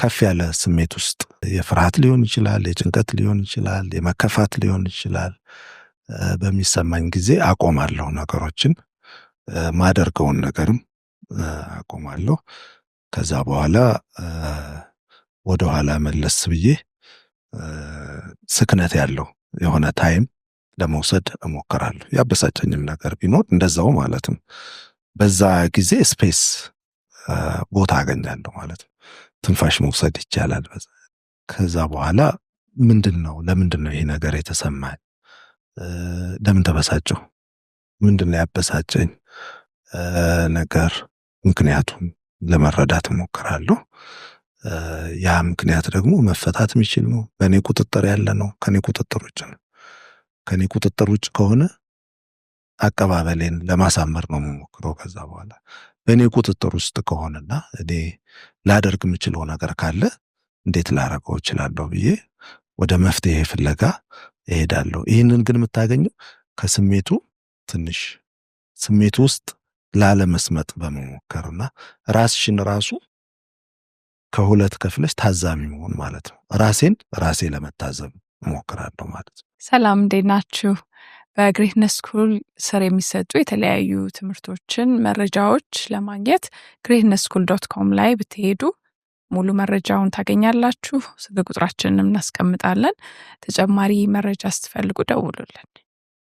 ከፍ ያለ ስሜት ውስጥ የፍርሃት ሊሆን ይችላል፣ የጭንቀት ሊሆን ይችላል፣ የመከፋት ሊሆን ይችላል በሚሰማኝ ጊዜ አቆማለሁ። ነገሮችን ማደርገውን ነገርም አቆማለሁ። ከዛ በኋላ ወደኋላ መለስ ብዬ ስክነት ያለው የሆነ ታይም ለመውሰድ እሞክራለሁ። ያበሳጨኝም ነገር ቢኖር እንደዛው ማለት ነው። በዛ ጊዜ ስፔስ ቦታ አገኛለሁ ማለት ነው። ትንፋሽ መውሰድ ይቻላል። ከዛ በኋላ ምንድን ነው ለምንድን ነው ይሄ ነገር የተሰማኝ? ለምን ተበሳጨሁ? ምንድን ነው ያበሳጨኝ ነገር? ምክንያቱን ለመረዳት እሞክራለሁ። ያ ምክንያት ደግሞ መፈታት የሚችል ነው፣ በእኔ ቁጥጥር ያለ ነው፣ ከኔ ቁጥጥር ውጭ ነው። ከኔ ቁጥጥር ውጭ ከሆነ አቀባበሌን ለማሳመር ነው የምሞክረው። ከዛ በኋላ እኔ ቁጥጥር ውስጥ ከሆነና እኔ ላደርግ የምችለው ነገር ካለ እንዴት ላረገው እችላለሁ ብዬ ወደ መፍትሄ ፍለጋ እሄዳለሁ። ይህንን ግን የምታገኘው ከስሜቱ ትንሽ ስሜቱ ውስጥ ላለመስመጥ በመሞከርና ራስሽን ራሱ ከሁለት ከፍለሽ ታዛሚ መሆን ማለት ነው። ራሴን ራሴ ለመታዘብ እሞክራለሁ ማለት ነው። ሰላም እንዴት ናችሁ? በግሬትነስ ስኩል ስር የሚሰጡ የተለያዩ ትምህርቶችን መረጃዎች ለማግኘት ግሬትነስ ስኩል ዶት ኮም ላይ ብትሄዱ ሙሉ መረጃውን ታገኛላችሁ። ስልክ ቁጥራችንን እናስቀምጣለን። ተጨማሪ መረጃ ስትፈልጉ ደውሉልን።